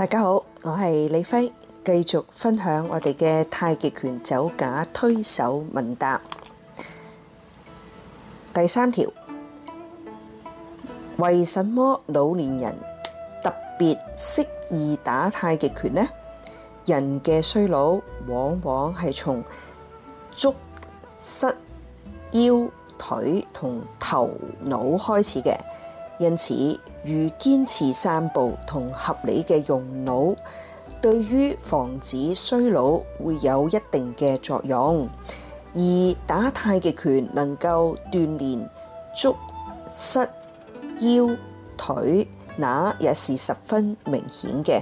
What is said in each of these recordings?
大家好，我係李輝，繼續分享我哋嘅太極拳走架推手問答。第三條，為什麼老年人特別適宜打太極拳呢？人嘅衰老往往係從足、膝、腰、腿同頭腦開始嘅，因此，如堅持散步同合理嘅用腦，對於防止衰老會有一定嘅作用。而打太極拳能夠鍛煉足、膝、腰、腿，那也是十分明顯嘅。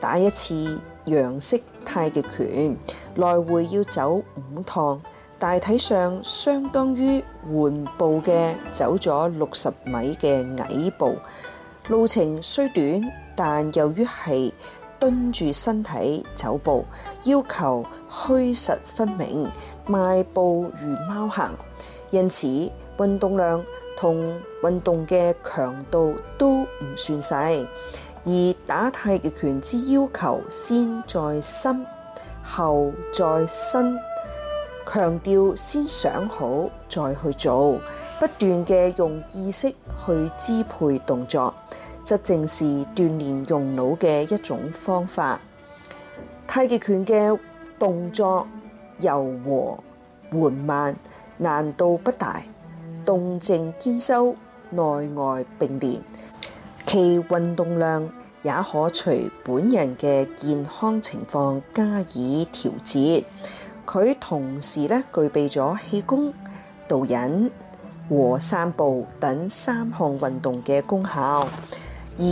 打一次楊式太極拳，來回要走五趟。大體上相當於緩步嘅走咗六十米嘅矮步，路程雖短，但由於係蹲住身體走步，要求虛實分明，邁步如貓行，因此運動量同運動嘅強度都唔算細。而打太極拳之要求，先在心，後在身。強調先想好再去做，不斷嘅用意識去支配動作，則正是鍛鍊用腦嘅一種方法。太極拳嘅動作柔和緩慢，難度不大，動靜兼修，內外並練，其運動量也可隨本人嘅健康情況加以調節。佢同時咧，具備咗氣功、導引和散步等三項運動嘅功效，而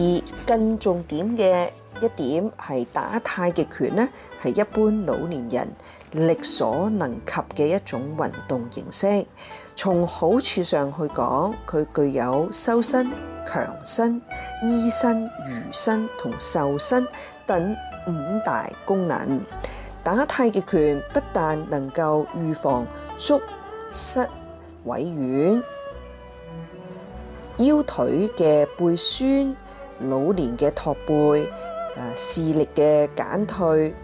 更重點嘅一點係打太極拳呢，係一般老年人力所能及嘅一種運動形式。從好處上去講，佢具有修身、強身、醫身、娛身同瘦身等五大功能。打太極拳不但能夠預防足膝萎軟、腰腿嘅背酸、老年嘅駝背、誒視力嘅減退、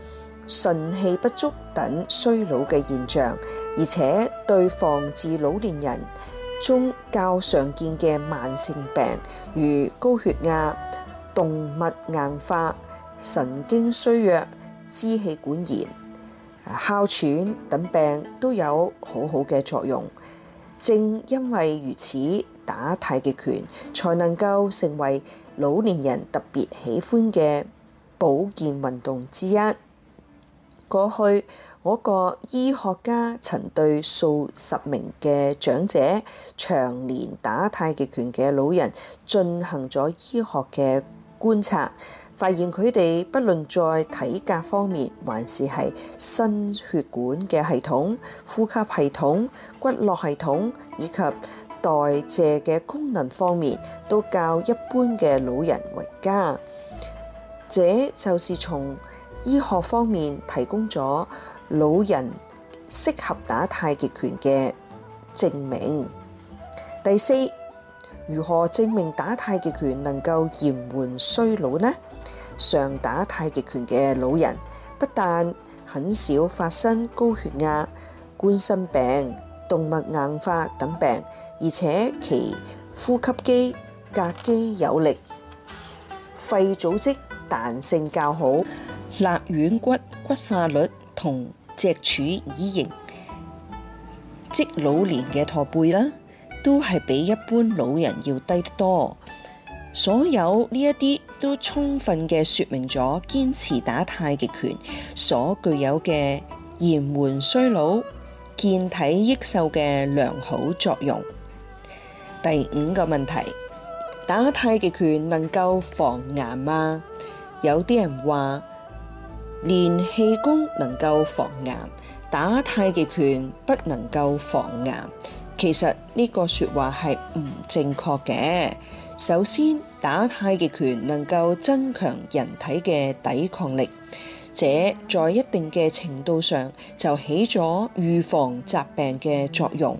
腎氣不足等衰老嘅現象，而且對防治老年人中較常見嘅慢性病，如高血壓、動脈硬化、神經衰弱、支氣管炎、哮喘等病都有好好嘅作用。正因為如此，打太極拳才能夠成為老年人特別喜歡嘅保健運動之一。過去，我國醫學家曾對數十名嘅長者、長年打太極拳嘅老人進行咗醫學嘅觀察。發現佢哋不論在體格方面，還是係心血管嘅系統、呼吸系統、骨骼系統以及代謝嘅功能方面，都較一般嘅老人為佳。這就是從醫學方面提供咗老人適合打太極拳嘅證明。第四，如何證明打太極拳能夠延緩衰老呢？常打太極拳嘅老人，不但很少發生高血壓、冠心病、動脈硬化等病，而且其呼吸肌、膈肌有力，肺組織彈性較好，肋軟骨骨化率同脊柱畸形，即老年嘅駝背啦，都係比一般老人要低得多。所有呢一啲。都充分嘅說明咗堅持打太極拳所具有嘅延緩衰老、健體益壽嘅良好作用。第五個問題，打太極拳能夠防癌嗎？有啲人話練氣功能夠防癌，打太極拳不能夠防癌。其實呢個說話係唔正確嘅。首先，打太極拳能夠增強人體嘅抵抗力，這在一定嘅程度上就起咗預防疾病嘅作用。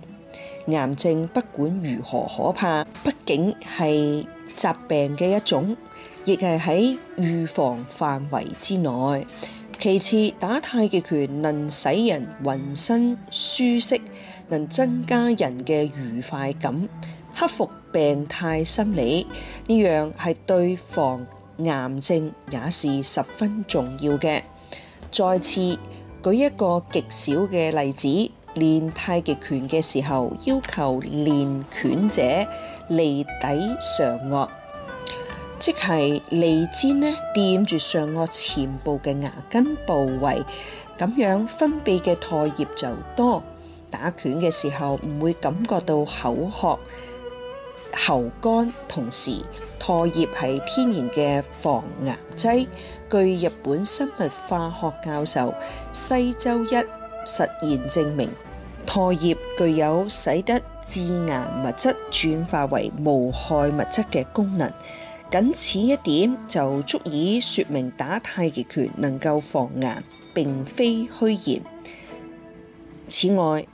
癌症不管如何可怕，畢竟係疾病嘅一種，亦係喺預防範圍之內。其次，打太極拳能使人渾身舒適，能增加人嘅愉快感。克服病態心理，呢樣係對防癌症也是十分重要嘅。再次舉一個極少嘅例子，練太極拳嘅時候，要求練拳者脷抵上顎，即係脷尖呢掂住上顎前部嘅牙根部位，咁樣分泌嘅唾液就多。打拳嘅時候唔會感覺到口渴。喉乾，同時唾液係天然嘅防癌劑。據日本生物化學教授西周一實驗證明，唾液具有使得致癌物質轉化為無害物質嘅功能。僅此一點就足以說明打太極拳能夠防癌並非虛言。此外，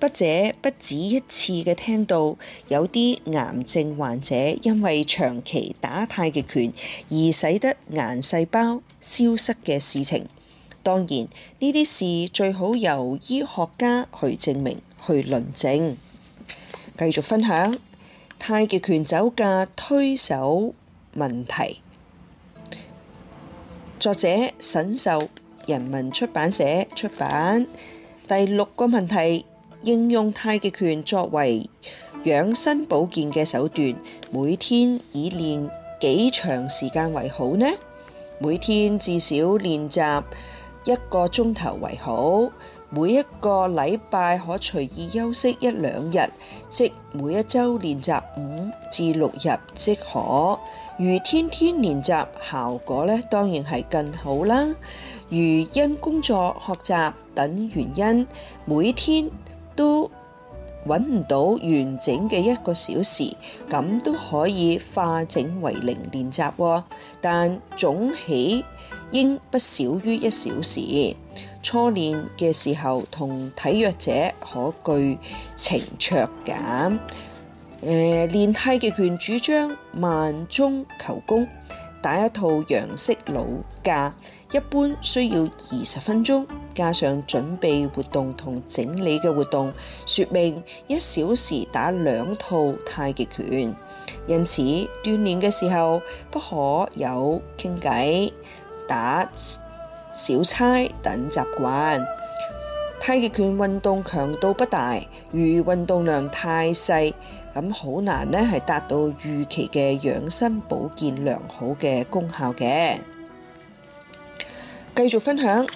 筆者不止一次嘅聽到有啲癌症患者因為長期打太極拳而使得癌細胞消失嘅事情。當然呢啲事最好由醫學家去證明，去論證。繼續分享太極拳走架推手問題，作者沈壽，人民出版社出版。第六個問題。應用太極拳作為養生保健嘅手段，每天以練幾長時間為好呢？每天至少練習一個鐘頭為好。每一個禮拜可隨意休息一兩日，即每一週練習五至六日即可。如天天練習，效果咧當然係更好啦。如因工作、學習等原因，每天都揾唔到完整嘅一個小時，咁都可以化整為零練習啊。但總起應不少於一小時。初練嘅時候，同體弱者可具情酌減。誒、呃，練太極拳主張慢中求功，打一套楊式老架。一般需要二十分鐘，加上準備活動同整理嘅活動，說明一小時打兩套太極拳。因此鍛煉嘅時候不可有傾偈、打小差等習慣。太極拳運動強度不大，如運動量太細，咁好難呢係達到預期嘅養生保健良好嘅功效嘅。繼續分享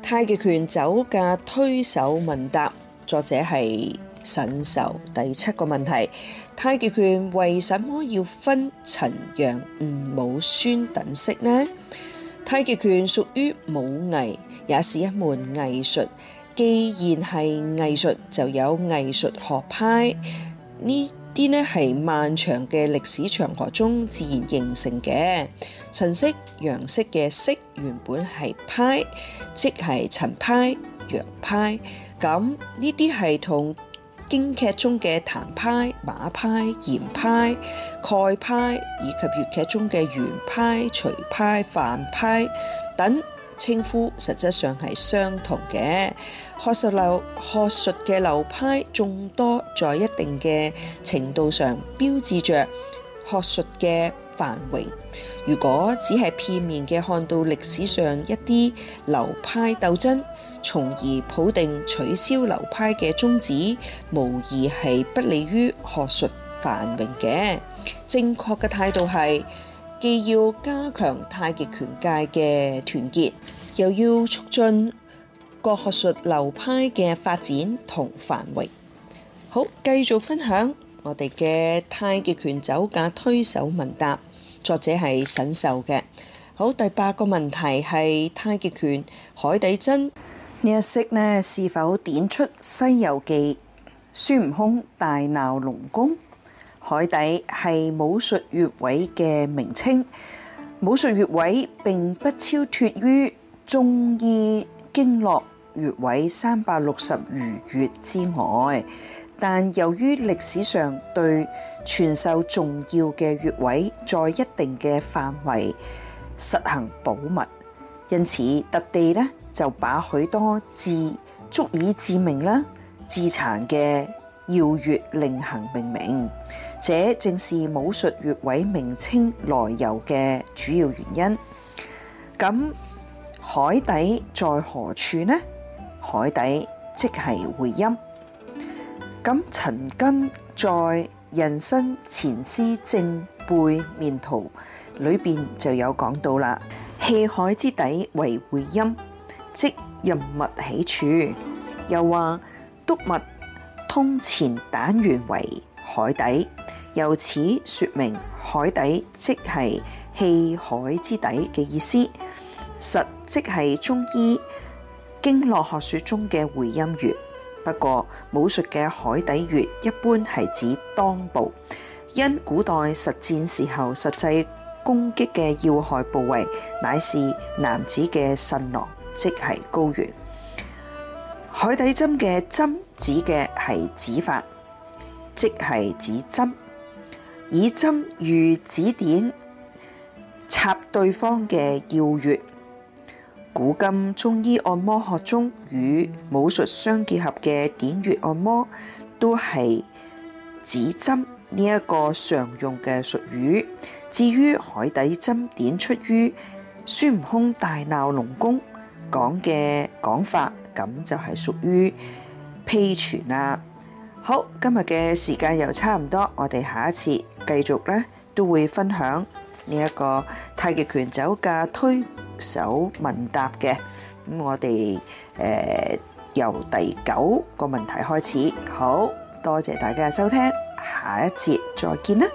太極拳走架推手問答，作者係沈壽。第七個問題：太極拳為什麼要分陳、楊、吳、武、孫等式呢？太極拳屬於武藝，也是一門藝術。既然係藝術，就有藝術學派。呢啲呢係漫長嘅歷史長河中自然形成嘅。陳式、楊式嘅式原本係派，即係陳派、楊派。咁呢啲係同京劇中嘅譚派、馬派、嚴派、蓋派，以及粵劇中嘅袁派、徐派、范派等稱呼，實質上係相同嘅。學術流，學術嘅流派眾多，在一定嘅程度上標誌着學術嘅繁榮。如果只係片面嘅看到歷史上一啲流派鬥爭，從而抱定取消流派嘅宗旨，無疑係不利於學術繁榮嘅。正確嘅態度係既要加強太極拳界嘅團結，又要促進各學術流派嘅發展同繁榮。好，繼續分享我哋嘅太極拳走架推手問答。作者係沈壽嘅。好，第八個問題係太極拳海底針呢一式呢，是否點出《西遊記》孫悟空大鬧龍宮？海底係武術穴位嘅名稱，武術穴位並不超脫於中醫經絡穴位三百六十餘穴之外，但由於歷史上對傳授重要嘅穴位，在一定嘅範圍實行保密，因此特地呢就把許多致足以致命啦致殘嘅要穴另行命名，這正是武術穴位名稱來由嘅主要原因。咁海底在何處呢？海底即係會陰。咁，曾根在《人身前師正背面圖》裏邊就有講到啦。氣海之底為會陰，即人物起處。又話督脈通前膽源為海底，由此説明海底即係氣海之底嘅意思。實即係中醫經絡學説中嘅會陰穴。不過，武術嘅海底穴一般係指襠部，因古代實戰時候實際攻擊嘅要害部位，乃是男子嘅腎囊，即係睾丸。海底針嘅針指嘅係指法，即係指針，以針如指點，插對方嘅要穴。古今中醫按摩學中與武術相結合嘅點穴按摩，都係指針呢一個常用嘅術語。至於海底針點，出於孫悟空大鬧龍宮講嘅講法，咁就係屬於披傳啦。好，今日嘅時間又差唔多，我哋下一次繼續咧，都會分享呢一個太極拳走架推手問答嘅，咁我哋誒由第九個問題開始，好多謝大家嘅收聽，下一節再見啦。